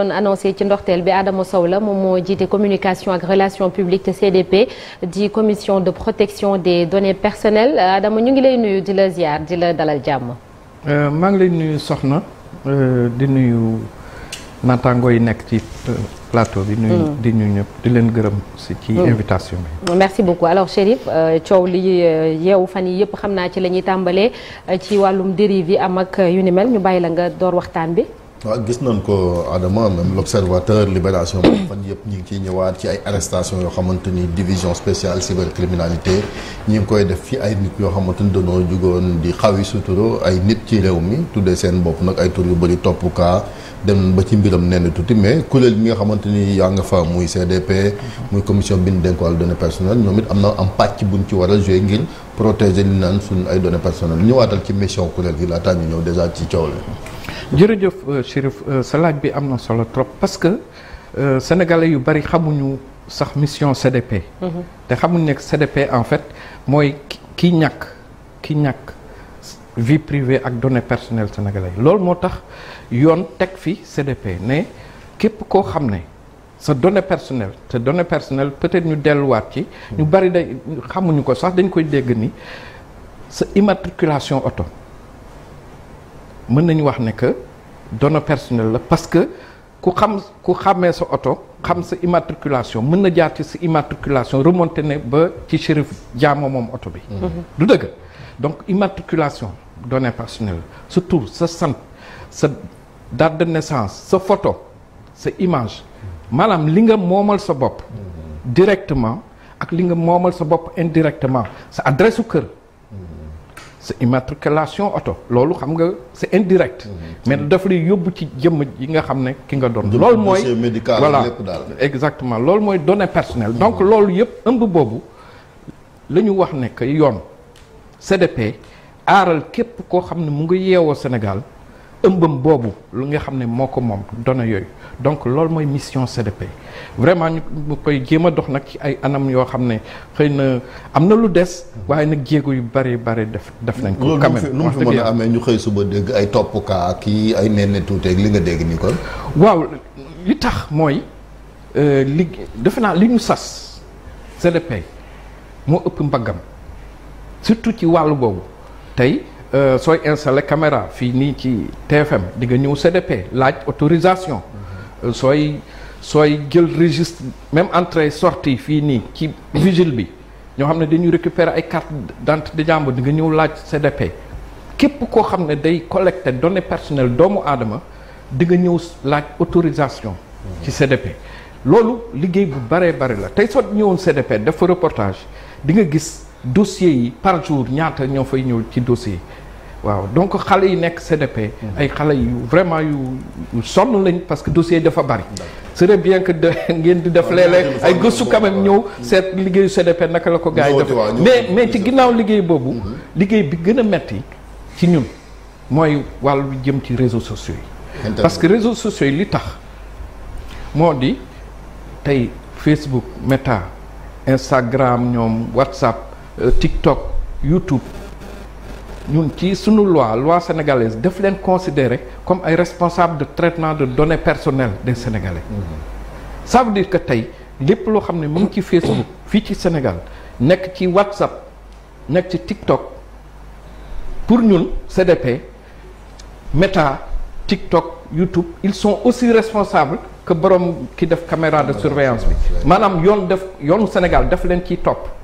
doon annoncé ci ndoxteel bi Adama Sow la moom moo jiite communication ak relations publiques te CDP di commission de protection des données personnelles Adama ñu ngi lay nuyu di la ziar di la dalal jàmm. Euh, maa ngi lay nuyu Soxna euh, di nuyu naataango yi nekk ci. Euh, plateau bi nuyu mm. di ñu ñëpp di leen gërëm si ci mm. invitation bi. merci beaucoup alors Chérif coow li yeewu fan yi yëpp xam naa ci la ñuy tàmbalee ci wàllum dérive yi am ak yu ni mel ñu bàyyi la nga door waxtaan bi. waaw gis nañ ko Adama même l'observateur libération ma fan yëpp ñu ngi ciy ñëwaat ci ay arrestation yoo xamante ni division spéciale cybercriminalité ñi ngi koy def fi ay nit yoo xamante ni dañoo jugoon di xawi suturo ay nit ci réew mi tuddee seen bopp nag ay tur yu bëri topp kaa dem ba ci mbiram nenn tuuti mais kuréel bi nga xamante ni yaa nga fa muy CDP muy commission bi ñu dénk wàllu ñoom it am na am pàcc buñ ci war a ngir protéger li naan suñu ay données personnelles ñëwaatal ci mission kuréel gi laataa ñu ñëw déjà ci coow la. jërëjëf euh, Chérif euh, sa bi am na solo trop parce que euh, sénégalais yu bari xamuñu sax mission CDP. Mhm. te xamuñu nekk CDP en fait mooy ki ñàkk ki ñàkk. vie privée ak données personnel sénégalais loolu moo tax yoon teg fi CDP ne képp koo xam ne. sa donnée personnelle te donnée personnel peut-être ñu delluwaat ci. ñu bari day xamuñu ko sax dañ koy dégg ni sa immatriculation oto mën nañu wax ne que donnée personnelle la parce que ku xam ku xàmmee sa oto xam sa immatriculation mën na jaar ci sa immatriculation remonté ne ba ci Chérif Diamo moom oto bi. Mm-hmm. du dëgg donc immatriculation donnée personnelle surtout sa sant sa date naissance sa photo sa image. maanaam li nga moomal sa bopp directement ak li nga moomal sa bopp indirectement sa adresse su kër sa immatriculation oto loolu xam nga sa indirect mm-hmm. mais daf lay yóbbu ci jëmm yi nga xam ne ki nga doon loolu mooy voilà exactement loolu mooy données personnelles donc mm-hmm. loolu yëpp ëmb boobu la ñu wax ne que yoon CDP aaral képp koo xam ne mu ngi yeewoo Sénégal ëmbam boobu lu nga xam ne moo ko moom dona yooyu donc loolu mooy mission CDP vraiment ñu koy jéem a dox nag ci ay anam yoo xam ne xëy na am na lu des waaye nag jéego yu bari bari def def nañ ko quand même nu amee ñu xëy suba dégg ay toppkaa kii ay nen ne tuuteeg li nga dégg ni kon waaw li tax mooy euh, li defe naa li ñu sas CDP moo ëpp mbaggam surtout ci wàll boobu tey Euh, sooy installé caméra fii nii ci TFM di nga ñëw CDP laaj autorisation mhm. euh, sooy sooy jël registre même entrée sorti fii nii ci vigile bi ñoo xam ne dañuy récupérer ay carte d'identité jàmbur di nga ñëw laaj CDP képp koo xam ne day collecter données personnelles doomu aadama di nga ñëw laaj autorisation mhm. ci CDP loolu liggéey bu baree bari la tey soo ñëwoon CDP def fa reportage di nga gis dossiers yi par jour ñaata ñoo fay ñëw ci dossier yi waaw donc xale yi nekk CDP. ay xale yu vraiment yu sonn lañ parce que dossier dafa bari. serait bien que de ngeen di def léeg-léeg ay gëstu quand ñëw mm. seet liggéeyu CDP naka la ko gaa yi def mais mais ci ginnaaw liggéey boobu. Mm-hmm. liggéey bi gën a metti ci ñun mooy wàllu jëm ci réseau sociaux yi. parce que réseaux sociaux yi li tax moo di tey Facebook Meta Instagram ñoom WhatsApp euh, TikTok YouTube. ñun ci suñu loi loi sénégalaise daf leen considérer comme ay responsable de traitement de données personnelles des sénégalais. Mm-hmm. ça veut dire que tey lépp loo xam ne mu ngi ci Facebook fii ci Sénégal nekk ci WhatsApp nekk ci TikTok pour ñun CDP Meta TikTok YouTube ils sont aussi responsable que borom ki def caméra de surveillance bi maanaam yoon def yoonu Sénégal daf leen ciy topp.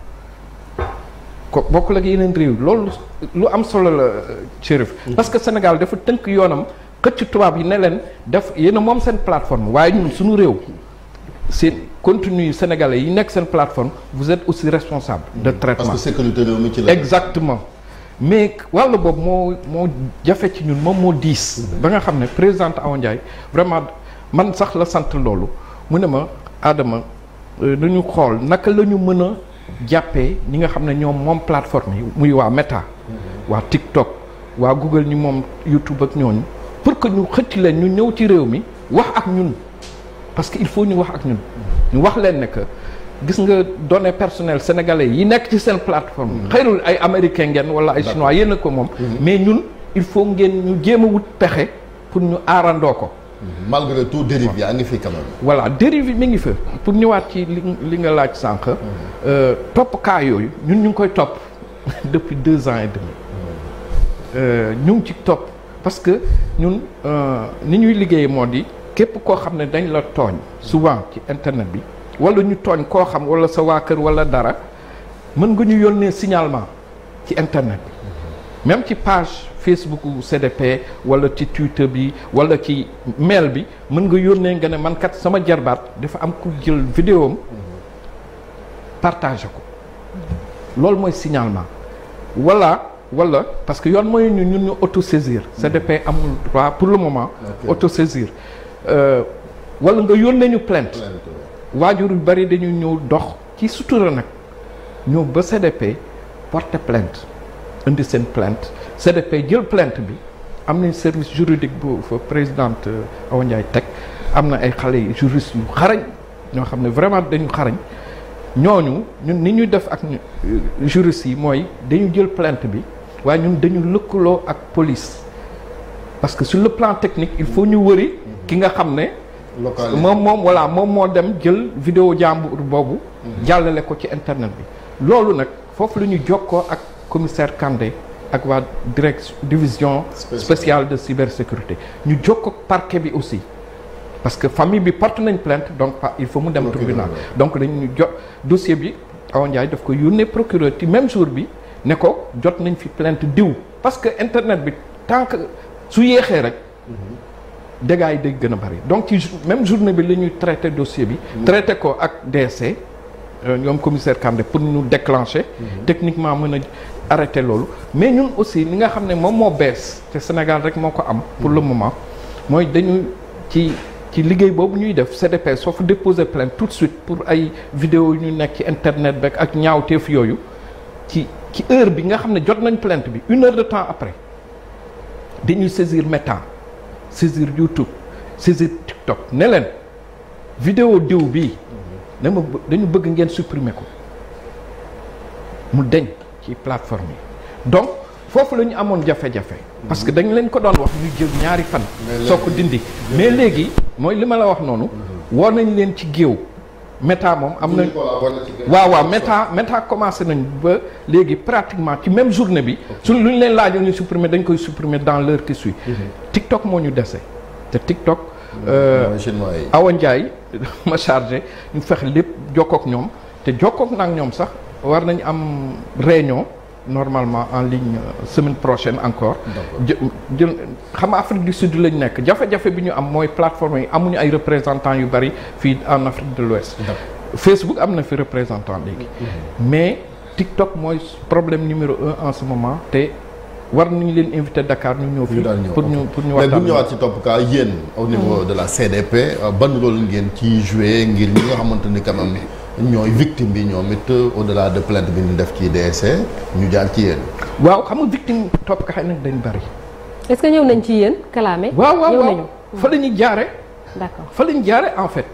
ko bokkul ak yeneen réew loolu lu am solo la Chérif parce que Sénégal dafa tënk yoonam xëcc tubaab yi ne leen def yéen a moom seen plateforme waaye ñun suñu réew seen contenu sénégalais yi nekk seen plateforme vous êtes aussi responsable de mm. traitement parce que sécurité réew exactement mais wàllu boobu moo moo jafe ci ñun moom moo diis mm. ba nga xam ne présidente Awa Ndiaye vraiment man sax la sant loolu mu ne ma aadama euh, nañu xool naka la ñu mën a jàppee ñi nga xam ne ñoom moom plateforme yi muy waa Meta waa TikTok waa Google ñi moom YouTube ak ñooñu pour que ñu xëcc leen ñu ñëw ci réew mi wax ak ñun parce que il faut ñu wax ak ñun ñu wax leen ne que gis nga données personnelles sénégalais yi nekk ci seen plateforme mm-hmm. xëyrul ay américain ngeen wala ay chinois yéen a ko moom mm-hmm. mais ñun il faut ngeen ñu jéem wut pexe pour ñu aarandoo ko malgré tout dérive yaa ngi fi quand même. voilà dérive yi mi ngi fa pour ñëwaat ci li li nga laaj sànq. Mhm. Euh, topp cas yooyu ñun ñu koy topp depuis deux ans et demi. Mhm. Euh, ñu ngi ci topp parce que ñun euh, ni ñuy liggéey moo di képp koo xam ne dañ la tooñ souvent ci internet bi wala ñu tooñ koo xam wala sa waa kër wala dara mën nga ñu yónnee signalement ci internet bi mhm. même ci page. Facebook CDP wala ci Twitter bi wala ci mail bi mën nga yónnee nga ne man sama jarbaat dafa am ku jël vidéo am partagé ko loolu mooy signalement walla wala parce que yoon mooy ñu ñun ñu saisir CDP amul droit pour le moment autosaisir euh, wala nga yónnee ñu plainte waajur yu bari dañuy ñëw dox ci sutura nag ñëw ba CDP porte plainte indi seen plainte CDP jël plainte bi am nañ service juridique bu fa présidente euh, Awa Ndiaye teg am na ay xale yu juriste yu xarañ ñoo xam ne vraiment dañu xarañ ñooñu ñun ni ñuy def ak euh, juriste yi mooy dañu jël plant bi waaye ñun dañu lëkkaloo ak police parce que sur le plan technique il faut ñu wëri ki nga xam ne moom moom voilà moom moo dem jël vidéo jàmbur boobu mhm. jàllale ko ci internet bi loolu nag foofu la ñu jokkoo ak commissaire Kandé ak waa direct division spéciale de cybersécurité ñu jokk ak parquet bi aussi parce que famille bi porte nañ plainte donc il faut mu dem tribunal donc dañu jot dossier bi Awa Ndiaye daf ko yónnee procureur ci même jour bi ne ko jot nañ fi plainte diw parce que internet bi tant que su yéexee rek mhm. dégâts yi day gën a bari donc ci même journée bi la ñuy traité dossier bi mhm. traité ko ak DSC e, euh, ñoom commissaire Kandé pour ñu déclencher mhm. techniquement mën a arrêté loolu mais ñun aussi li nga xam ne moom moo bees te Sénégal rek moo ko am pour le moment mooy dañu ci ci liggéey boobu ñuy def CDP soo fa déposé plainte tout de suite pour ay vidéo yu ñu nekk ci internet beeg ak ñaaw ñaawteef yooyu ci ci heure bi nga xam ne jot nañ plainte bi une de temps après dañuy saisir Meta saisir YouTube saisir TikTok ne leen vidéo diw ne dama dañu bëgg ngeen supprimer ko mu deñ ci plateforme yi donc foofu la ñu amoon jafe-jafe. parce que dañ leen ko doon wax ñu jël ñaari fan. soo ko dindi mais léegi mooy li ma la wax noonu. woo nañ leen ci géew. méta moom am na waaw waaw méta méta commencé nañ ba léegi pratiquement ci même journée bi su lu ñu leen laajoon ñu supprimer dañ koy supprimer dans l'heure qui suit mhm. TikTok moo ñu dese te TikTok mm-hmm. euh, Awa Ndiaye ma chargé ñu fexe lépp jokkook ñoom te jokkook nag ñoom sax war nañu am réunion normalement en ligne euh, semaine prochaine encore. jël xam nga Afrique du Sud lañ nekk jafe-jafe bi ñu am mooy plateforme yi amuñu ay représentants yu bari fii en Afrique de l'Ouest Facebook am na fi représentant léegi. Mhm. mais TikTok mooy problème numéro un en ce moment te. war nañu leen invité Dakar ñu ñëw fii pour ñu pour ñu waxtaan mais bu ñëwaat ci topp cas yéen au niveau mm. de la CDP euh, ban rôle ngeen ci joué ngir ñi nga xamante ni quand même ñooy victim bi ñoom it au delà de plainte bi ñu def ci DSC e, ñu jaar ci yéen. waaw xam nga victime topp kaay nag dañu bari. est ñëw nañ ci yéen kalaame. waaw waaw waaw hmm. fa la ñuy jaare d'accord la ñu jaare en fait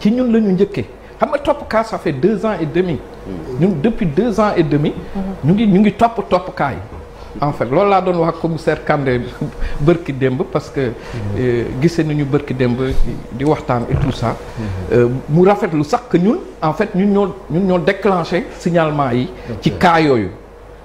ci ñun la ñu njëkkee xam nga topp kaa ça fait deux ans et demi. Hmm. ñu depuis deux ans et demi. Hmm. ñu ngi ñu ngi topp topp kaa en fait loolu laa doon wax commissaire Kandé bërki démb parce que euh, gisee nañu bërki démb di waxtaan et tout ça euh, mu rafetlu sax que ñun en fait ñun ñoo ñun ñoo déclenché signalement yi ci cas yooyu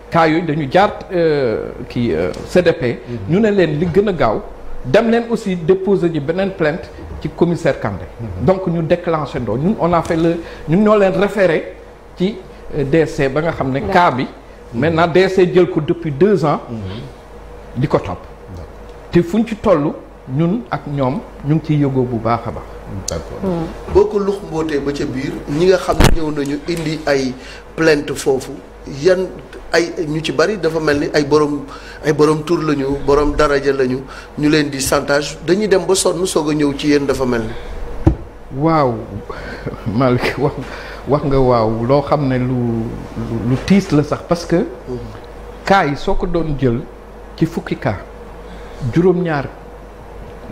cas yooyu dañu jaar euh, kii CDP mhm. ñu ne leen li gën a gaaw dem leen aussi déposer ji beneen plainte ci commissaire Kandé mhm. donc ñu déclenché ndoo ñun on a fait le ñun ñoo leen référé ci DC ba nga xam ne cas bi maintenant DSC jël ko depuis deux ans. Mhm. di ko topp. te fu ñu ci toll ñun ak ñoom ñu ngi ciy yëgoo bu baax a baax. d'accord hmm. boo ko lux mbootee ba ca biir ñi nga xam ñëw nañu indi ay plainte foofu yan ay ñu ci bari dafa mel ni ay borom ay borom tur lañu borom daraja lañu ñu leen di chantage dañuy dem ba sonn soog a ñëw ci yéen dafa mel ni. waaw Malick wax. wax nga waaw loo xam ne lu lu tiis la sax parce que cas yi soo ko doon jël ci fukki cas juróom-ñaar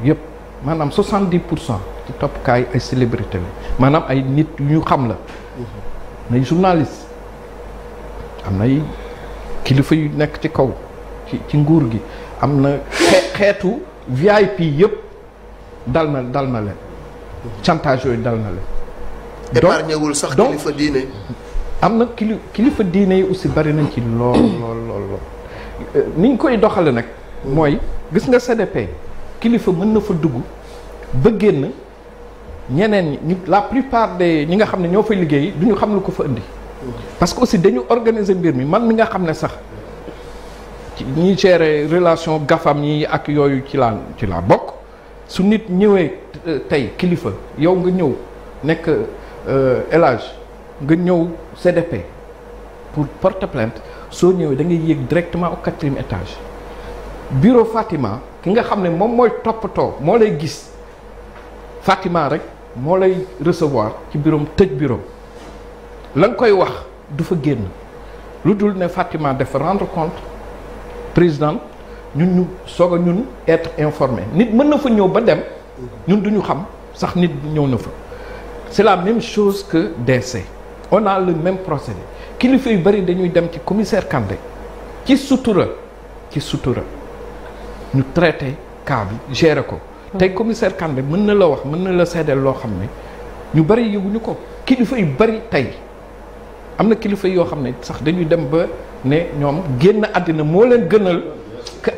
yëpp maanaam soixante-dix pour cent ci topp cas ay célébrité maanaam ay nit ñu xam la nay journaliste am nay kilifa yu nekk ci kaw ci ci nguur gi am na xeetu VIP yëpp dal na dal na leen chantage yooyu dal na leen épargné wul sax kilifa diine am na kili kilifa diine yi aussi bari nañ ci lool lool lool euh, ni ñu koy doxale nag mooy gis nga CDP kilifa mën na fa dugg ba génn ñeneen ñi la plupart des ñi nga xam ne ñoo fa liggéey du ñu xam lu ko fa indi parce que aussi dañu organiser mbir mi man mi nga xam ne sax ñi gérer relation gafam yi ak yooyu ci laa ci laa bokk su nit ñëwee euh, tey kilifa yow nga ñëw nekk élage euh, nga ñëw CDP pour porte plainte soo ñëwee da ngay yéeg directement au quatrième étage bureau Fatima ki nga xam ne moom mooy toppatoo moo lay gis Fatima rek moo lay recevoir ci bureau tëj bureau la nga koy wax du fa génn lu dul ne Fatima dafa rendre compte président ñu ñu soog a ñun etre informé nit mën na fa ñëw ba dem ñun duñu xam sax nit ñëw na fa. c'est la même chose que DC on a le même procédé kilifa yu bëri dañuy dem ci commissaire Kandé ci sutura ci sutura ñu traité cas bi ko. tey hmm. commissaire Kandé mën na la wax mën na la seedeel loo xam ne ñu bëri yëguñu ko kilifa yu bëri tey am na kilifa yoo xam ne sax dañuy dem ba ne ñoom génn àddina moo leen gënal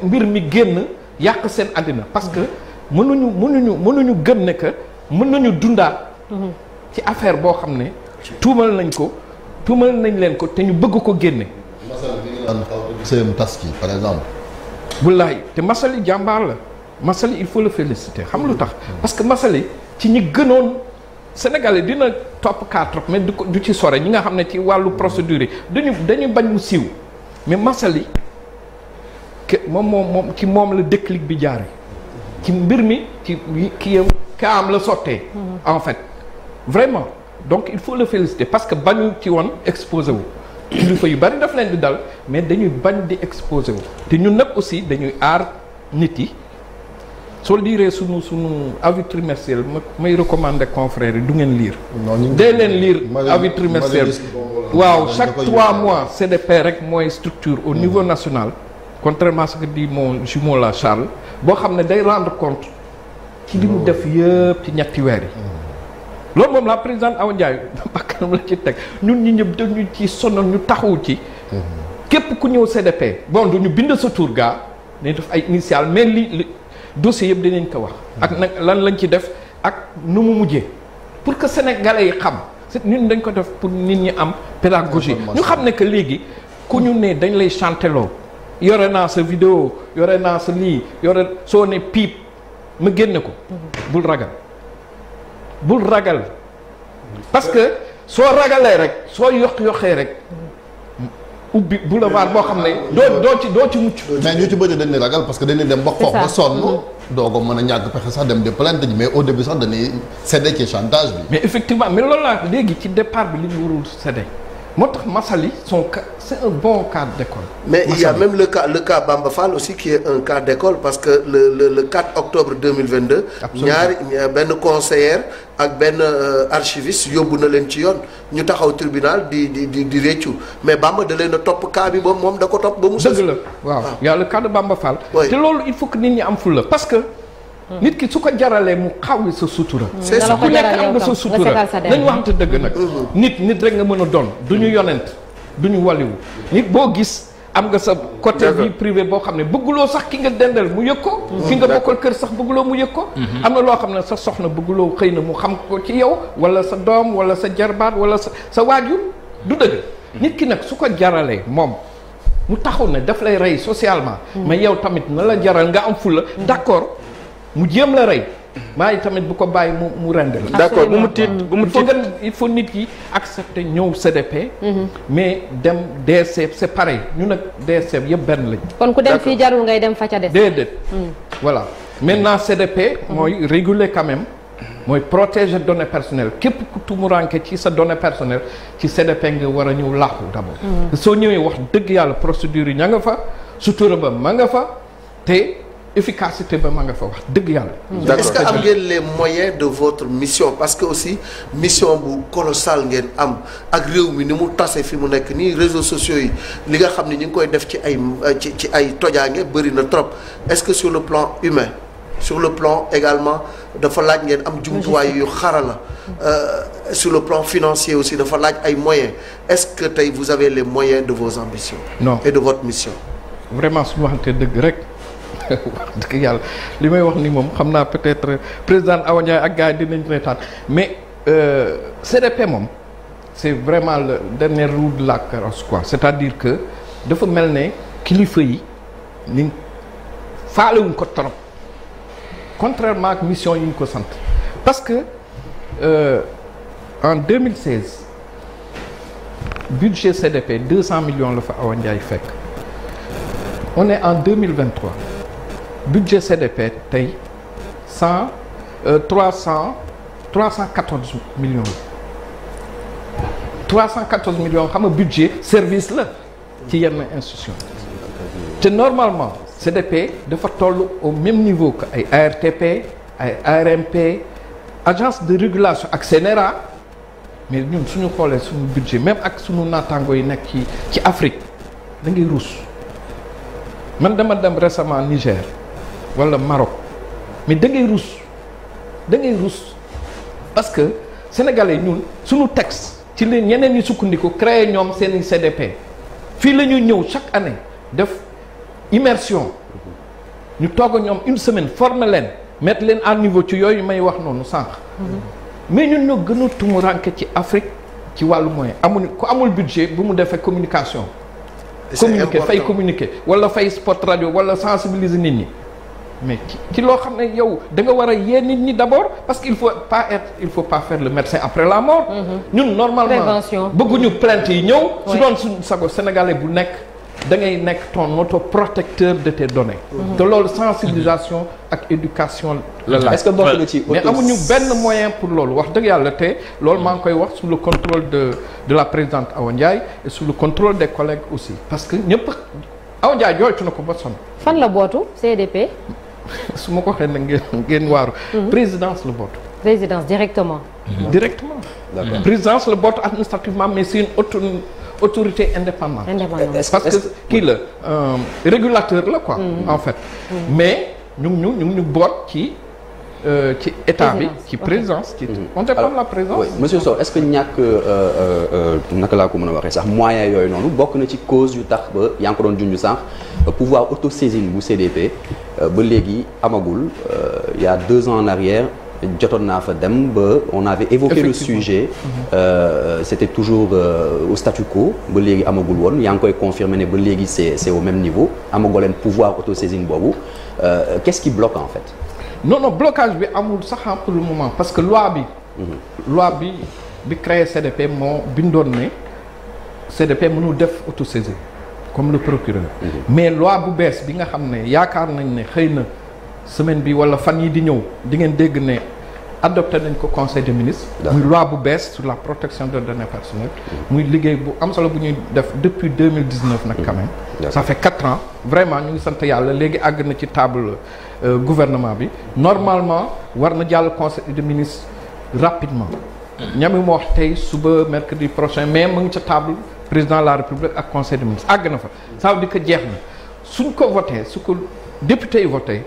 mbir mi génn yàq seen àddina parce que hmm. mënuñu mënuñu mënuñu gën ne que mën nañu dundaat. Hmm. ci affaire boo xam ne tuumal nañ ko tuumal nañ leen ko te ñu bëgg ko génne sëyam tas ci par exemple wallaay te Massaly jàmbaar la Massaly il faut le féliciter xam lu tax parce que Massaly ci ñi gënoon Sénégalais dina topp quatre me du ko du ci sore ñi nga xam ne ci wàllu procédure yi dañu dañu bañ mu siiw mais Massaly que moom moom moom ci moom la déclic bi jaare ci mbir mi ci kii am la sottee en fait vraiment donc il faut le féliciter parce que bañu ci woon exposé wu kilifa yu bari daf leen di dal mais dañuy bañ di exposé wu te ñun nag aussi dañuy aar nit yi soo liiree suñu sunu avis trimestriel ma may recommander confrères yi du ngeen lire dee leen lire avis trimestriel waaw chaque trois mois CDP rek mooy structure au mm. niveau national contrairement à ce que dit mon jumeau là Charles boo xam ne day rendre compte ci li mu mm. def yëpp ci ñetti weer yi mm. loolu moom la président Awa Ndiaye bakkanam la ci teg ñun ñi ñëpp dañu ci sonal ñu taxawu ci képp ku ñëw CDP bon du ñu bind sa tur gaa dañuy def ay initial mais li dossier yëpp dinañ ko wax ak nag lan lañ ci def ak nu mu mujjee pour que sénégalais yi xam ñun dañ ko def pour nit ñi am pédagogie ñu xam ne que léegi ku ñu ne dañ lay chanteloo yore naa sa vidéo yore naa sa lii yore soo ne piip ma génne ko bul ragal bul ragal parce que soo ragalee rek soo yox-yoxee rek ubbi boulevard boo xam ne doo doo ci doo ci mucc mais ñu ci bëri dañuy ragal parce que dañuy dem ba xoox ba sonn mm-hmm. doo ko mën a ñàkk pexe sax dem di plainte ji mais au début sax dañuy cédé ci chantage bi mais effectivement mais loolu laa léegi ci départ bi li ñu warul cédé moo tax Massaly son cas c'est un bon cadre d'école. mais Massali. il a même le cas le cas Bamba Fall aussi qui est un cas d'école parce que le le octobre ñaari benn conseillère ak benn euh, archiviste yóbbu na leen ci yoon ñu taxaw tribunal di di di di réccu mais Bamba da leen a topp cas bi ba moom da ko topp ba mu. dëgg la waaw ah. y a le cas te loolu il faut que nit ñi am fulla parce que. Hmm. nit ki su ko jaralee mu xawi sa sutura. Hmm. c'est ça ku nekk am nga sa sutura nañ waxante dëgg nag. Hmm. nit nit rek nga mën a doon du ñu yonent du ñu waliwu nit boo gis. am nga sa côté vie privée boo xam ne bëgguloo sax ki nga dendal mu yëg ko ki nga bokkal kër sax bëgguloo mu yëg ko am na loo xam ne sa soxna bëgguloo xëy na mu xam ko ci yow wala sa doom wala sa jarbaat wala sa sa waajur du dëgg nit ki nag su ko jaralee moom mu taxaw ne daf lay rey socialement mais yow tamit na la jaral nga am fulla d'accord mu jéem la rey maa ngi tamit bu ko bàyyi mu mu rend la d'accord bu mu tiit bu mu tiit il faut nit ki accepter ñëw CDP mhm. mais dem DSF c'est pareil ñu nag DSF yëpp benn lañ kon ku dem fii jarul ngay dem fa ca des déedéet mhm. voilà maintenant CDP mooy réguler quand mooy protéger données personnelles képp ku tumuranke ci sa données personnelles ci CDP nga war a ñëw laaxu d'abord mhm. soo ñëwee wax dëgg yàlla procédure yi ña nga fa sutura ba ma nga fa te efficacité ba ma nga fa wax dëgg yàlla. Hmm. est-ce que am ngeen les moyens de votre mission parce que aussi mission bu colossale ngeen am ak réew mi ni mu tase fi mu nekk nii réseau sociaux yi li nga xam ne ñu ngi koy def ci ay ci ci ay tojaange bëri na trop est-ce que sur le plan humain sur le plan également dafa laaj ngeen am jumtuwaay yu xarala euh, sur le plan financier aussi dafa laaj ay moyens est-ce que tey vous avez les moyens de vos ambitions. non et de votre mission. dëgg yàlla li may wax ni moom xam naa peut-être président Awa ak gars yi dinañ reetaan mais euh, CDP moom c'est vraiment la dernier roue de la carrosse quoi cest a dire que dafa mel ne kilifa yi ni faalewuñ ko trop contrairement ak mission yi ñu ko sant parce que euh, en 2016 budget CDP 200 millions la fa Awa Ndiaye fekk on est en 2023 budget CDP tey cent euh, trois cent trois cent quatorze millions la cent quatorze millions xam nga budget service la ci yenn institution te normalement CDP dafa toll au même niveau que ay ARTP ay ARMP agence de régulation ak CNRA mais ñun suñu xoolee suñu budget même ak suñu naataango yi nekk ci ci Afrique da ngay ruus man dama dem récemment Niger wala Maroc mais da ngay rus da ngay rus parce que sénégalais ñun suñu texte ci leen ñeneen ñi sukkandiku créé ñoom seen CDP fii la ñuy ñëw chaque année def immersion ñu toog ñoom une semaine forme leen mettre leen à niveau ci yooyu may wax noonu sànq. mais ñun ñoo gën a tumuranke ci Afrique ci wàllu moyen amuñu ku amul budget bu mu defee communication. communiquer fay communiqué wala fay sport radio wala sensibiliser nit ñi. mais ci loo xam ne yow danga war a yee nit ñi d' abord parce que il faut pas être il faut pas faire le médecin après la mort. Mhm. ñun normalement bëgguñu plainte yi ñëw. su doon suñu sago sénégalais bu nekk da ngay nekk ton autoprotecteur de tes données. Mhm. te loolu sensibilisation ak éducation la laaj. est ce ci mais amuñu benn moyen pour loolu wax dëgg yàlla te loolu maa ngi koy wax sous le contrôle de de la présidente Awa Ndiaye et sous le contrôle des collègues aussi parce que ñëpp Awa Ndiaye jooytu ko ba su ma ko waxee nag ngeen ngeen waaru. Mhm. présidence la boot. présidence directement. Mhm. Mhm. directement. présidence la boot administrativement mais c'est autorité indépendante. parce que kii la euh, régulateur la quoi. en fait mais ñu ngi ñu ñu ñu boot ci. ci euh, état bi ci présidence ci on dépend la présidence monsieur Sow est-ce que ñàkk euh, euh, naka laa ko mën a waxee sax moyen yooyu noonu bokk na ci cause yu tax ba yaa ko doon junj sànq pouvoir autosaisine bu CDP ba léegi amagul il y a deux ans en arrière jotoon naa fa dem ba on avait évoqué le sujet mhm. euh, c'était toujours euh, au statu quo ba léegi amagul woon yaa ngi koy confirmer ne ba léegi c'est c'est au même niveau amagoleen pouvoir autosaisine boobu euh, qu'est-ce qui bloque en fait non non blocage bi amul sax pour le moment parce que loi bi. Mhm. loi bi bi créé CDP moo bindoon ne CDP mënul def auto autosaisine comme le procureur. Mhm. mais loi bu bees bi nga xam ne yaakaar nañ ne xëy na semaine bi wala fan yi di ñëw di ngeen dégg ne adopté nañ ko conseil des ministres. muy loi bu bees sur la protection de données personnelles. Mhm. muy liggéey bu am solo bu ñuy def depuis deux mille dix neuf nag quand même. ça fait quatre ans vraiment ñu ngi sant yàlla léegi àgg na ci table. Euh, gouvernement bi normalement war na jàll conseil des ministres rapidement. ñami mu wax tey suba mercredi prochain mais mu ngi ca table président la république ak conseil des ministres àgg na fa. ça di ko jeex na suñ ko voté su ko député yi voté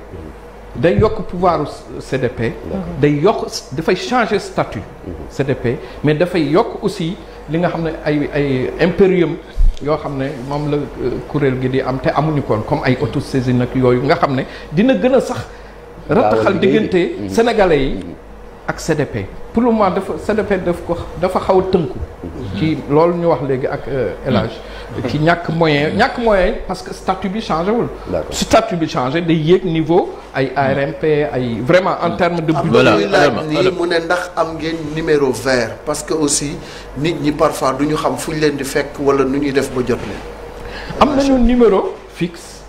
day yokk pouvoiru CDP. day yokk dafay changer statut. CDP mais dafay yokk aussi li nga xam ne ay ay impérium yoo xam ne moom la euh, kuréel gi di am te amuñu koon comme ay autosaisine nag yooyu nga xam ne dina gën sax rataxal diggante mm-hmm. sénégalais yi mm-hmm. ak CDP pour le moment dafa CDP ko dafa xaw a tënku. ci loolu ñu wax léegi ak élage euh, ci ñàkk moyen ñàkk moyen parce que statut bi changé wul. statut bi changé day yéeg niveau ay ARMP ay vraiment en terme de. voilà am nii mu ne ndax am ngeen numéro vert parce que aussi nit ñi parfois du ñu xam fu ñu leen di fekk wala nu ñuy def ba jot leen. am nañu numéro fixe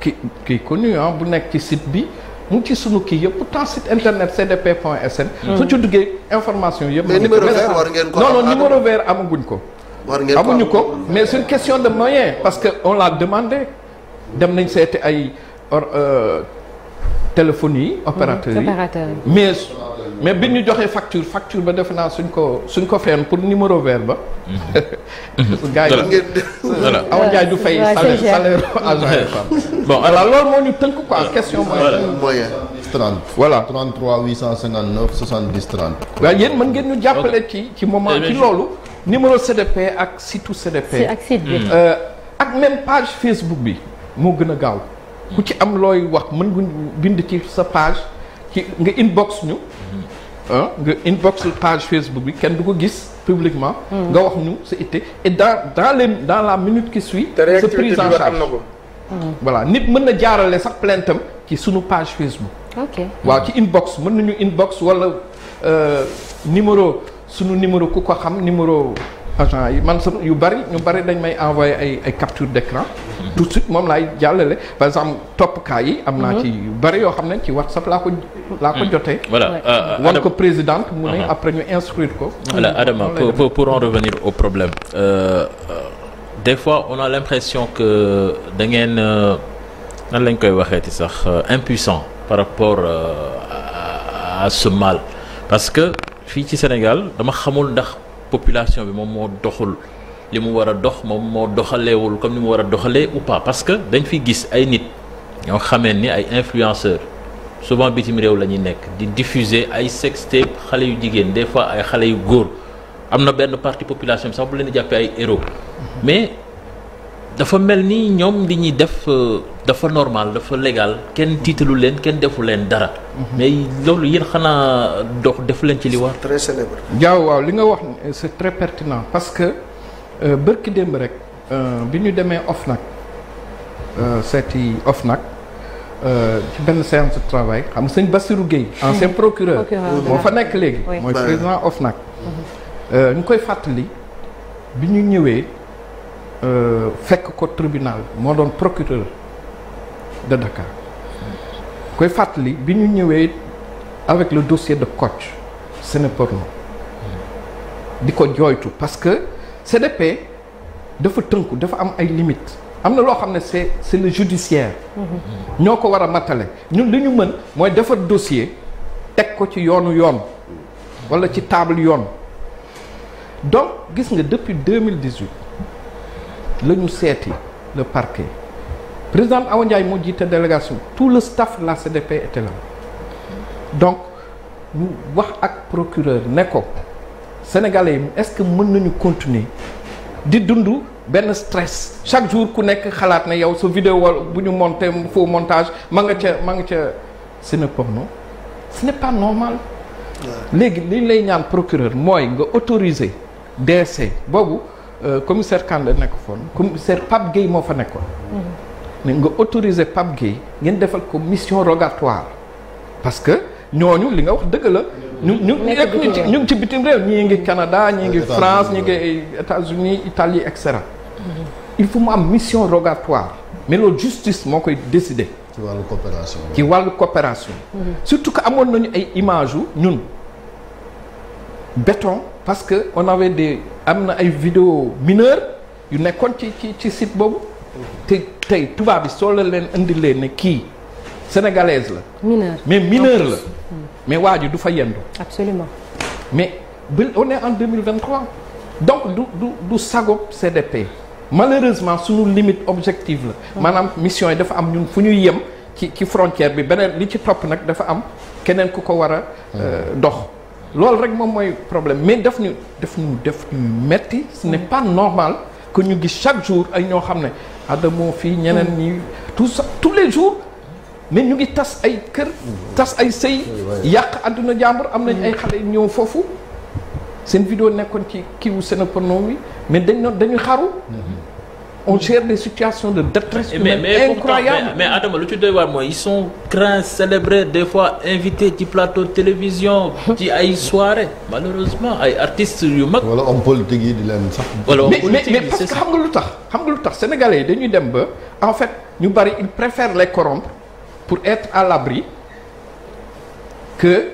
ki ki connu ah, bu nekk ci site bi. mu ngi ci sunu kii yëpp pourtant site internet cdp point sn. Hmm. su ci duggee information yëpp. mais numéro vert war ngeen ko non ko. war ngeen ko amuñu ko mais c'est question de moyen parce que on l'a demandé dem nañ seeti ay. Euh, téléphone yi. opérateurs yi mais mais bi ñu joxee facture facture ba def naa suñ ko suñ ko fenn pour numéro vert ba. Mhm. gaa yi ngeen. voilà Awa Ndiaye du fay. salaire salaire agent yi bon alors loolu moo ñu tënk quoi question. voilà mooy 30. voilà 33 859 70 30. waaw mën ngeen ñu jàppale ci ci moment eh ci loolu. numéro CDP ak situ CDP. ak site euh, ak même page Facebook bi moo gën a gaaw. ku ci am looy wax mën nga bind ci sa page ci nga inbox ñu. Mm-hmm. ah nga inbox page Facebook bi kenn du ko gis publiquement. Mm-hmm. nga wax ñu sa itte et dans dans les dans la minute qui suit. sa prise en charge mm-hmm. voilà nit mën na jaarale sax plainte ci suñu page Facebook. ok waaw ci inbox mën nañu inbox wala euh, numéro sunu numéro ku ko xam numéro agent yi man sa yu bari ñu bari dañ may envoyé ay ay capture d'écran tout suite moom laay jàllale par exemple topp kaa yi. am naa mhm. ci yu bëri yoo xam ne ci WhatsApp laa ko. laa ko mhm. jotee. voilà euh, wan ko présidente mu ne mhm. après ñu instruire ko. voilà Adama pour pour en revenir au problème. Euh, euh des fois on a l'impression que dangeen ngeen euh, nan lañ koy waxee ti sax impuissant par rapport à ce mal parce que fii ci Sénégal dama xamul ndax population bi moom moo doxul. li mu war a dox moom moo doxaleewul comme ni mu war a doxalee ou pas parce que dañ fi gis ay nit ñoo xamee ni ay influenceurs souvent bitim réew la ñuy nekk di diffuser ay sextape xale yu jigéen des fois ay xale yu góor am na benn partie population bi sax bu leen di jàppee ay héros mais dafa mel ni ñoom li ñuy def euh, dafa normal dafa legal kenn tiitalu leen kenn defu leen dara. Mhm. mais loolu yéen xanaa dox def leen ci li war. très célèbre. jaaw waaw li nga wax c'est Euh, bërki démb rek euh, bi ñu demee OFNAC euh, seeti OFNAC ci benn séance de travail xam nga sëñ Bassirou Guèye ancien procureur moo fa nekk léegi mooy président OFNAC mm-hmm. ñu koy fàttali bi ñu ñëwee fekk ko tribunal moo doon procureur de Dakar koy fàttali bi ñu ñëwee avec le dossier de Kocc Sénéporno mm-hmm. di ko jooytu parce CDP dafa tënku dafa am ay limites am na loo xam ne c'est c'est le judiciaire. ñoo ko war a mattale ñun li ñu mën mooy defar dossier teg ko ci yoonu yoon walla ci table yoon donc gis nga depuis 2018 la ñu seeti le parquet président Awa Ndiaye moo jiite délégation tout le staff la CDP était donc ñu wax ak procureur ne ko. sénégalais yi est-ce que mën nañu continuer di dund benn stress chaque jour ku nekk xalaat ne yow sa vidéo wala bu ñu monté faux montage ma nga ca ma nga ca ce n'est pas non ce n'est normal léegi li lay ñaan procureur mooy nga autoriser DC boobu euh, commissaire Kande nekk foon commissaire Pape Gueye moo fa nekkoon mm-hmm. ne nga autoriser Pape Gueye ngeen defal ko mission rogatoire parce que ñooñu li nga wax dëgg la ñu ñu ñu ngi ci bitim réew ñii ngi Canada ñii ngi France ñii ngi États-Unis Italie et cetera mm-hmm. il faut mu am mission rogatoire mais loolu justice moo koy décider ci wàllu coopération ci wàllu coopération mm-hmm. surtout que amoon nañu ay image yu ñun béton parce que on avait des am na ay vidéo mineur yu nekkoon ci ci ci site boobu mm-hmm. te tey tubaab bi soo la leen indilee ne kii sénégalaise la mineur mais mineur la mais waa du fa yendu. absolument mais bi on est en 2023 donc du du du sago CDP malheureusement suñu limite objective la. Mm. maanaam mission yi dafa am ñun fu ñuy yem ci ci frontière bi beneen li ci topp nag dafa am keneen ku ko war a euh, mm. dox. loolu rek moom mooy problème mais daf ñu daf ñu def ñu metti ce n'est mm. pas normal que ñu gis chaque jour ay ñoo xam ne moo fii ñeneen ñi tout tous les jours. mais ñu ngi tas ay kër tas ay sëy yàq àdduna jàmbur am nañ ay xale ñëw foofu seen vidéo nekkoon ci kiiwu seen porno yi mais dañ noon dañu xaru on gère des situations de détresse humaine mais incroyable mais Adama lu ci doy waar mooy ils sont craints célébrés des fois invités ci plateau télévision ci ay soirées malheureusement ay artistes yu mag. wala homme politique yi di leen sax. wala mais mais parce que xam nga lu tax xam nga lu tax sénégalais yi dañuy dem ba en fait ñu bari ils préfèrent les corrompre. pour être à l'abri que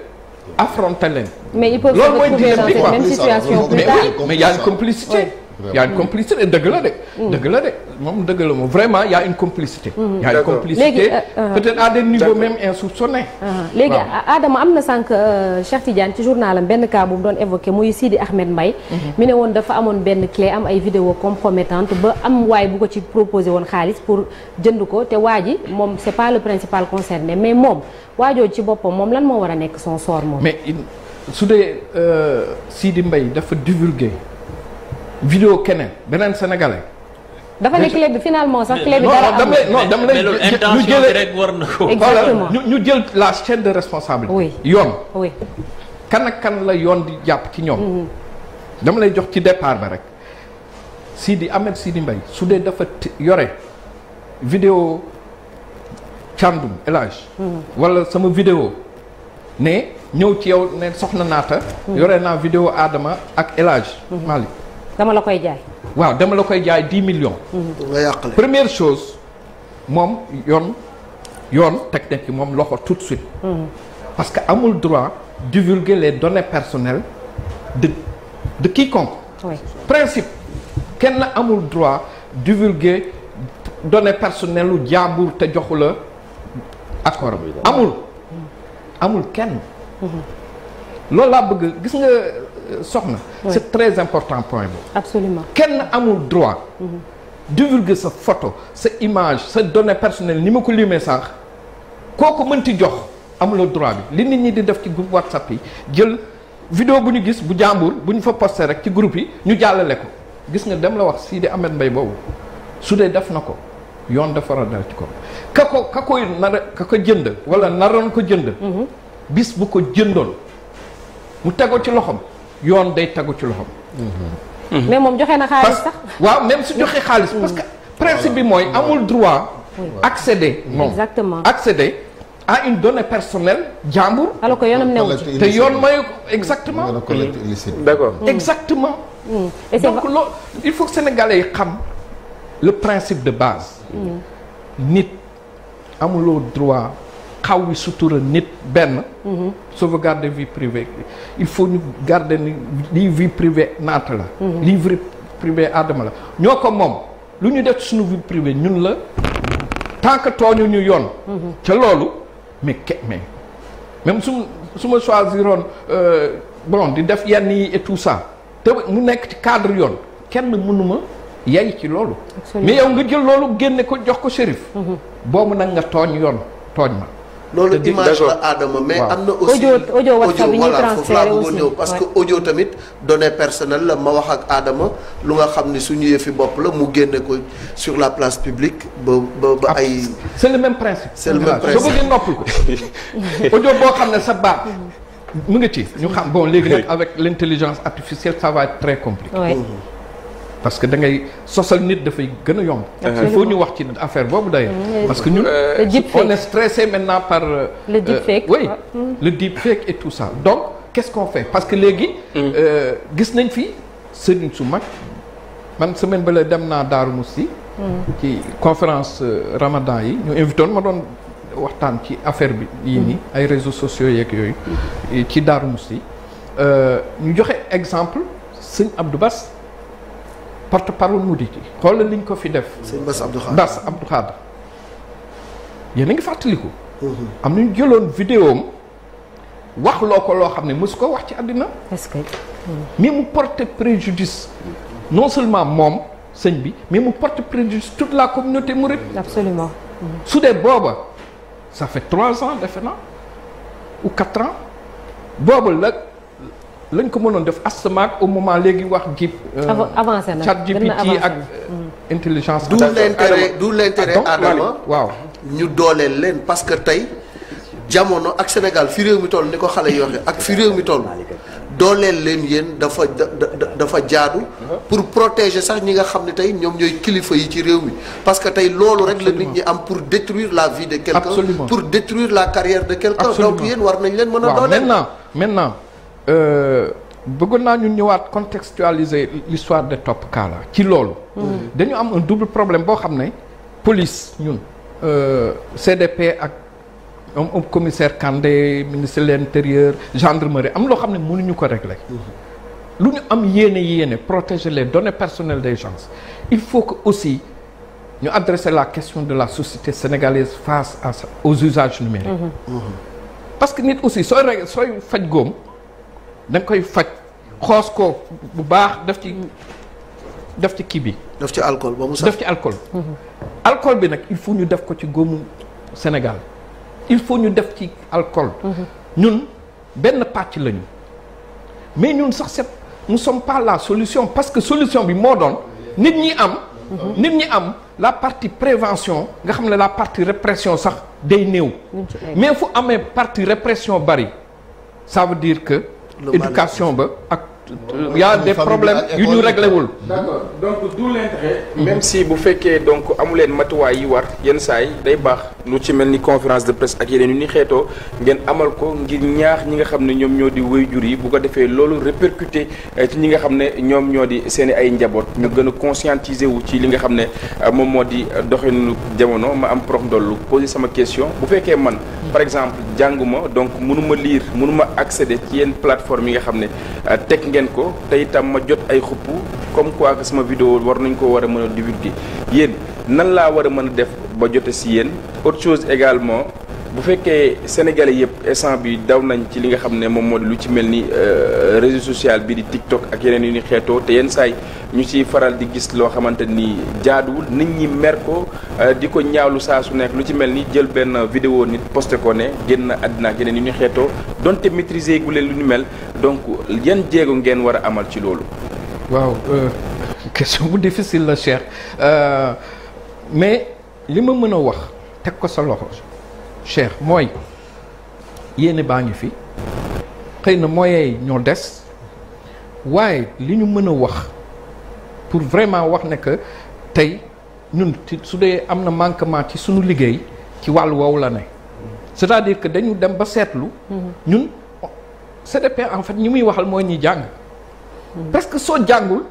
affronter leen. mais ils dans cette même situation plus tard mais il y a une complicité. y a une complicité dëgg la de. dëgg la de moom dëgg la moom vraiment y a une complicité. Mm. y a une complicité euh, euh, peut-être à des niveaux ah, léegi Adama am na sànq euh, Cheikh Tidiane ci journalam benn cas bu mu doon évoqué muy Sidi Ahmed mbay mhm. mi ne woon dafa amoon benn clé am ay vidéo compromettante ba am waaye bu ko ci proposé woon xaalis pour jënd ko te waa ji moom c'est pas le principal concerné mais moom waajooju ci boppam moom lan moo war a nekk son sort moom. mais su dee Sidi Mbaye dafa divulgué. vidéo keneen beneen sénégalais. dafa ne clé bi finalement sax clé bi dara rek war na ko. exactement ñu jël la chaîne de responsabilité. yoon. kan ak kan la yoon di jàpp ci ñoom. Mm-hmm. dama lay jox ci départ ba rek sii Sidi Ahmed Sidi mbay su dee dafa yore vidéo Thiandoum El Hadj mm-hmm. wala sama vidéo ne ñëw ci yow ne soxna naata. Mm-hmm. yore naa vidéo aadama ak El Hadj dama la koy jaay. waaw dama la koy jaay dix millions. nga yàqale première chose moom yoon yoon teg na ci moom loxo tout de suite. Mhm. parce que amul droit divulguer les données personnelles de de quiconque. principe kenn amul droit divulguer données personnelles lu jàmbur te joxula la accord amul. amul kenn. Mhm. loolu laa bëgg gis nga. soxna. c'est très important point boobu. absolument kenn amul droit. Mhm. divulguer sa photo sa image sa donnée personnelle ni ma ko limee sànq kooku mënti jox amuloo droit bi li nit ñi di def ci groupe WhatsApp yi jël vidéo bu ñu gis bu jàmbur bu ñu fa posté rek ci groupe yi ñu jàllale ko gis nga dem la wax di Ahmed mbay boobu su dee def na ko yoon dafa war a dal ci ko ka ko ka ko jënd wala naroon ko jënd. Mhm. bis bu ko jëndoon mu tegoo ci loxoom. yoon day tagu ci loxo mm-hmm. mais moom joxe na xaalis sax. waaw même su joxe xaalis parce que mm. principe bi mooy amul droit. accéder moom exactement accéder à une donnée personnelle jàmbur. alors que yoonam newu ci te yoon mayu exactement. d'accord mm. exactement. Mm. donc loolu il faut que sénégalais yi xam le principe de base. nit amuloo droit. xaw sutura nit benn. Mhm. sauvegarde vie privée il faut ñu garder ni lii vie privée naata la. Mhm. lii vie privée aadama la ñoo ko moom lu ñu def suñu vie privée ñun la tant que tooñu ñu yoon. Mhm. ca loolu mais ke mais même su su ma choisiroon euh, bon di def yenn yi et tout ça te mu nekk ci cadre yoon kenn mënuma yay ci loolu. mais yow nga jël loolu génne ko jox ko shérif. boobu nag nga tooñ yoon tooñ ma. loolu image la Adama mais am na aussi audio WhatsApp bi ñuy transféré aussi ñëw parce que audio tamit données personnelles la ma wax ak aadama lu nga xam ni suñu fi bopp la mu génne ko sur la place publique ba ba ba ah, ay. c'est le même principe. c'est le même principe ko audio boo xam ne sa baat. mu ngi ci ñu xam bon léegi nag avec l'intelligence artificielle ça va être très compliqué. Mm-hmm. parce que da ngay sosal nit dafay gën a yomb. il faut wax ci affaire boobu d'ailleurs. Mm, parce que ñun euh, on est stressé maintenant par. Euh, le deepfake oui mm. le deepfake et tout ça donc qu'est-ce qu'on fait parce que léegi. Mm. Euh, gis nañ fi sëriñ su mag man semaine ba dem naa Daaru Musti ci conférence Ramadan yi ñu invité ma doon waxtaan ci affaire bi. yii nii ay réseaux sociaux yeeg yooyu. ci Daaru Musti ñu joxe exemple sëñ Abdou Bass. porte parole di yi xoolal liñ ko fi def. sëñ Bass Abdou Khadre Bass Abdou a ngi fàttaliku. Mhm. am nañu jëloon vidéo waxloo ko loo xam ne mosu ko wax ci àddina. est-ce que. mais mu porte préjudice non seulement moom sëñ bi mais mu porte préjudice toute la communauté mouride. absolument. su dee booba ça fait trois ans defe na ou quatre ans boobu la. lañ ko mënoon def asamaak au moment léegi wax jib. Euh, avancé na chat GPT ak. Euh, mm. intelligence d'où l'intérêt leen l'intérêt Adama ah, waaw ñu dooleel leen parce que tey jamono ak Sénégal fi réew mi toll ni ko xale yi ak fi réew mi toll dooleel leen yéen dafa dafa jaadu. pour protéger sax ñi nga xam ne tey ñoom ñooy kilifa yi ci réew mi parce que tey loolu rek la nit ñi am pour détruire la vie de quelqu'un pour détruire la carrière de quelqu'un donc yéen war nañ leen mën a dooleel maintenant maintenant Euh, bëggoon naa ñu ñëwaat contextualiser l'histoire de Top kaala ci loolu. Mm. dañu am un double problème boo xam ne police ñun euh, CDP ak. am commissaire Kandé ministre de l'intérieur gendarmerie am loo xam ne mënuñu ko régler mm-hmm. lu ñu am yéene yéene protéger les données personnel des gens il faut que aussi ñu adresser la question de la société sénégalaise face à aux usages numériques mmh. parce que nit aussi sooy rek sooy faj góom da koy faj xoos ko bu baax def ci def ci kii bi. daf ci alcool ba mu sax ci alcool. alcool bi nag il faut ñu def ko ci góomu Sénégal il faut ñu def ci alcool. ñun benn pàcc lañu mais ñun sax set mu sommes la solution parce que solution bi moo doon nit ñi am. nit ñi am la parti prévention nga xam ne la partie répression sax day néew. mais fu amee partie repression bari ça veut dire que. éducation ba ak. y a des problèmes yu ñu réglé wul. donc même si bu fekkee donc amu leen matuwaay yi war yenn saa day baax. lu ci mel ni conférence de presse ak yeneen yu ni xeetoo ngeen amal ko ngir ñaax ñi nga xam ne ñoom ñoo di jur yi bu ko defee loolu repercuté eh, ci ñi nga xam ne ñoom ñoo di seen i ay njaboot. ñu gën a conscientiser wu ci li nga xam ne eh, moom moo di eh, nu jamono ma am prox ndollu poser sama question bu fekkee man. par exemple jànguma donc mënuma liir mënuma accéder ci yenn plateforme yi nga xam ne euh, teg ngeen ko tey tam ma jot ay xupp comme quoi que sama video war nañ ko war a mën a divulguer yéen nan laa war a mën a def ba jote si yéen autre chose également bu fekkee sénégalais yëpp instant bi daw nañ ci li nga xam ne moom moo di lu ci mel ni euh, réseau social bi di TikTok ak yeneen yu ni xeetoo te yenn saay ñu ciy faral di gis loo xamante ni jaaduwul nit ñi mer ko euh, di ko ñaawlu saa su nekk lu ci mel ni jël benn vidéo nit posté ko ne génn àddina ak yeneen yu ñu xeetoo donte maîtriser gu leen lu ñu mel donc yan jéego ngeen war a amal ci loolu. waaw euh, question bu difficile la Cheikh mais li ma mën a wax teg ko sa loxo. Cheikh mooy yéene baa ngi fi xëy na moyens ñoo des waaye li ñu mën a wax pour vraiment wax ne que tey ñun su dee am na manquement ci sunu liggéey ci wàllu wow la ne c'est-à-dire que dañu dem ba seetlu mm-hmm. ñun CDP en fait ñi muy waxal mooy ñi jàng mm-hmm. parce que soo jàngul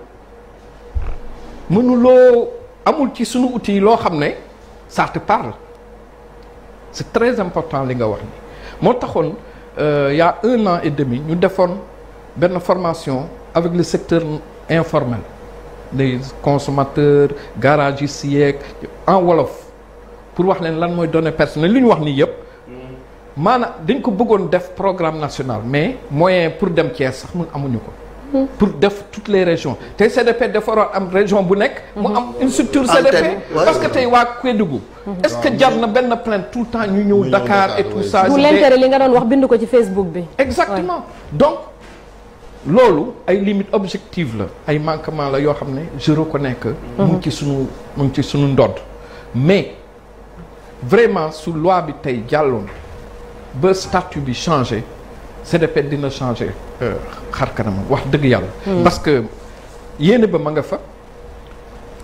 mënuloo amul ci sunu outil yi loo xam ne sart te parle c'est très important li nga wax ni moo taxoon euh, il y un an et demi ñu defoon benn formation avec le secteur informel les consommateurs garage yi si en wolof pour wax leen lan mooy données personnel li ñu wax nii yëpp maanaam dañ ko bëggoon def programme national mais moyen pour dem Thiès sax mun amuñu ko pour def toutes les régions te CDP dafa am région bu nekk. mu am mhm. une structure CDP. parce que tey waa Kédougou. Mhm. est-ce que jar na benn plainte tout le temps ñu ñëw Dakar et tout ça. bu l'intérêt li nga doon wax bind ko ci Facebook bi. exactement donc loolu ay limites objectives la ay manquement la yoo xam ne je reconnais nekk mu ci sunu mu ngi ci sunu ndodd mais vraiment su loi bi tey jàlloon ba statut bi changé. CDP dina changer euh, xar kanamam wax dëgg yàlla. Hmm. parce que yéene ba ma nga fa.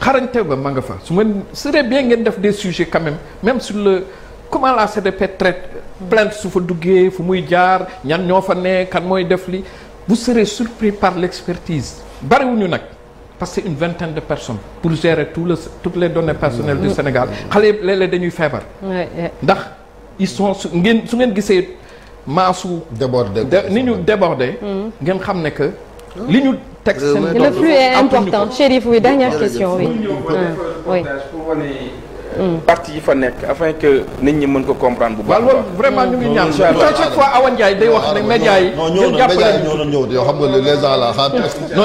xarañte ba ma nga fa su ngeen serait bien ngeen def des sujets quand même même sur le comment la CDP traite plainte su fa duggee fu muy jaar ñan ñoo fa ne kan mooy def li bu serez surpris par l'expertise bariwuñu nag parce que une vingtaine de personnes pour gérer tout le toutes les données personnelles du hmm. Sénégal xale léeg-léeg dañuy feebar ndax ils su ngeen su ngeen gisee maasu. débordé ni ñu débordé. ngeen xam ne que. li ñu teg seen. le plus important Chérif oui dernière question oui. parti yi fa nekk afin que nit ñi mën ko comprendre bu baax. waaw loolu vraiment ñu ngi ñaan chaque fois Awa Ndiaye day wax ne média yi. ñëw na média xam nga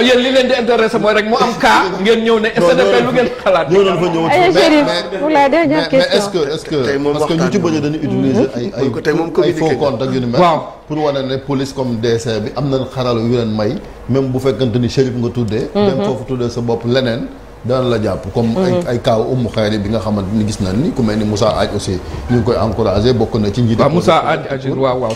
les mm. li leen di intéressé mooy rek mu am cas ngeen ñëw ne SDP lu ngeen xalaat. ñëw na fa ñëw mais est-ce parce que ñu ci bañ a dañu utiliser ay ay ay faux compte waaw pour wane ne police comme DC bi am na xaral yu leen may même bu fekkante ni shérif nga tuddee. dem mm-hmm. foofu tuddee sa bopp daan la jàpp comme ay mhm. kaaw umu xayri bi nga xamante ni gis na ni ku mel ni Moussa Aj aussi ñu ngi koy encouragé bokk na ci njiitu waaw Moussa Aj Ajir waaw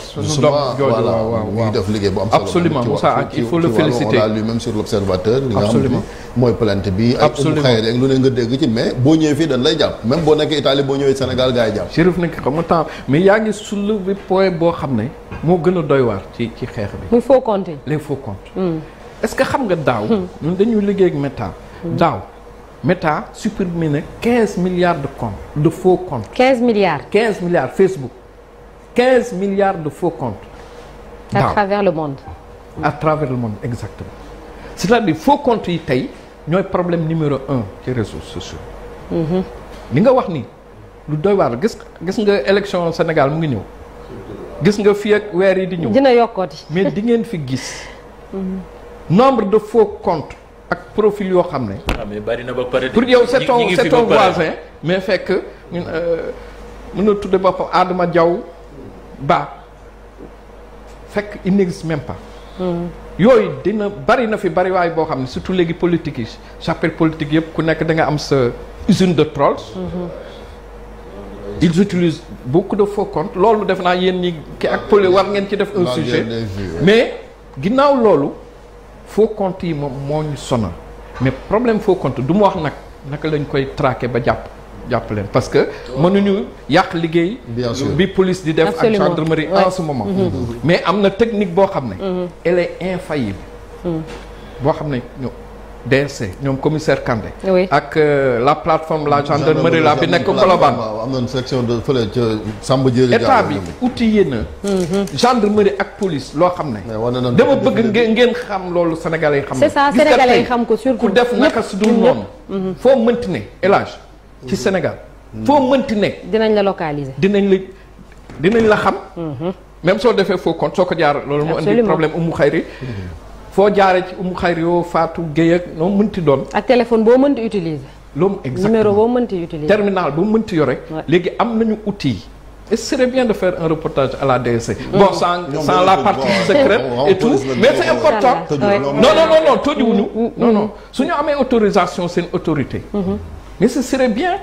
liggéey bu am solo absolument Moussa Aj il faut le féliciter lui même sur l'observateur li nga xam ne mooy plainte bi ay umu xayri ak lu ne nga dégg ci mais boo ñëwee fii dañ lay jàpp même boo nekkee Italie boo ñëwee Sénégal gars yi jàpp Chérif nag xam nga temps mais yaa ngi soulever point boo xam ne moo gën a doy waar ci ci xeex bi les faux comptes les faux comptes hmm. est xam nga daaw hmm. ñun dañuy liggéey ak métal hmm. daaw Meta supprimé na 15 milliards de comptes de faux comptes. 15 milliards. 15 milliards Facebook 15 milliards de faux comptes. à Dans. travers le monde. à le monde exactement cest faux comptes yi tey ñooy problème numéro un ci réseaux sociaux. Mhm. li nga wax ni lu doy waar gis gis nga élection Sénégal mu ngi ñëw. gis nga fii ak weer yi di ñëw. dina yokkooti mais di ngeen fi gis. Mhm. nombre de faux comptes. ak profil yoo xam ne. Ah, mais bari na ba pare. pour yow c'est ton c'est ton voisin. mais fekk ñun euh, mën na tudde boppam Adama Diaw Ba fekk il n'existe même pas. Hmm. yooyu dina bari na fi bariwaay boo xam ne surtout léegi politique yi chapelle politique yëpp ku nekk da am sa usine de trolls. Hmm. ils utilisent beaucoup de faux comptes loolu def naa yéen ñi ki ak poli war ngeen ci def. un sujet mais ginnaaw loolu. faux compte yi moom moo ñu sonal mais problème faux compte du mu wax nag naka lañ koy traquer ba jàpp jàpp leen parce que mënuñu yàq liggéey bi police di def ak gendarmerie en ce moment mm-hmm. mais am na technique boo xam ne mm-hmm. elle est infaillible mm-hmm. boo xam ne DRC ñoom commissaire Kandé. oui ak euh, la plateforme la gendarmerie la bi nekk Colobane. am na section de fële ca Samba Diéry état bi mhm. ak police loo xam ne. dama bëgg ngeen xam loolu sénégalais yi xam. ne ça xam ko surtout ku def naka su dul noonu. Mhm. foo mënti ne élage ci mhm. Sénégal. foo mënti ne. dinañ la localiser. dinañ la dinañ la xam. même soo defee faux compte soo ko jaar loolu moo indi problème umu xayri foo jaaree ci umu xayri yoo Fatou Gueye ak noo mënti doon. ak téléphone boo mënti utiliser. loolu exactement numéro terminal boo mënti yore. léegi am nañu outil yi. et ce serait bien de faire un reportage à la DSC. E. Mm. bon sans sans la partie secrète et tout mais c'est important. non non non non tëjuwuñu. Mm, mm, non non su ñu amee autorisation seen autorité. Mm-hmm. mais ce serait bien.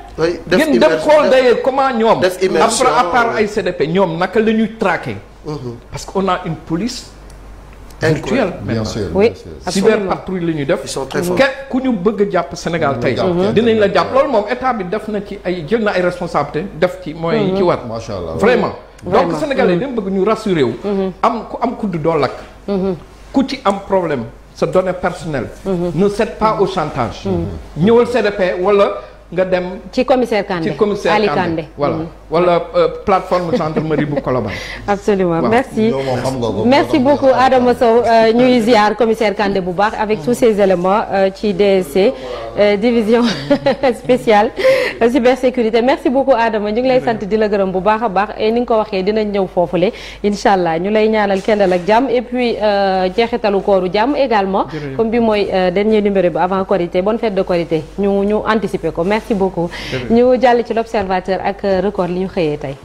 ngeen dem xool d'ailleurs comment ñoom. après à part ay CDP ñoom naka la ñuy mm-hmm. parce que on a une police. intellectuelle bien sûr oui cyberpatrouille la ñuy def. ils sont très forts ku ñu bëgg a jàpp Sénégal tey. dinañ la jàpp loolu moom état bi def na ci ay jël na ay responsabilité def ci mooy mhm. ci war. allah vraiment. Mhm. donc sénégalais mhm. dañ bëgg ñu rassuré am ku am kudd doo lakk. ku ci am problème sa donnée personnelle. ne cède pas au chantage. ñëwal CDP wala nga dem. ci commissaire Kandé ci commissaire Kandé wala euh, plateforme gendarmerie bu Colobane. absolument merci beaucoup Adama Sow euh, ñuy ziar commissaire Kandé bu baax avec tous ces éléments euh, ci DSC division spéciale cybersécurité merci beaucoup Adama ñu ngi lay sant di la gërëm bu baax a baax et ni nga ko waxee dinañ ñëw foofule incha allah ñu lay ñaanal kendal ak jàmm et puis jeexitalu kooru jàmm également comme bi mooy dernier numéro bi avant Korité bonne fête de Korité ñu ñu anticiper ko merci beaucoup ñu jàll ak record ñu xëyee tey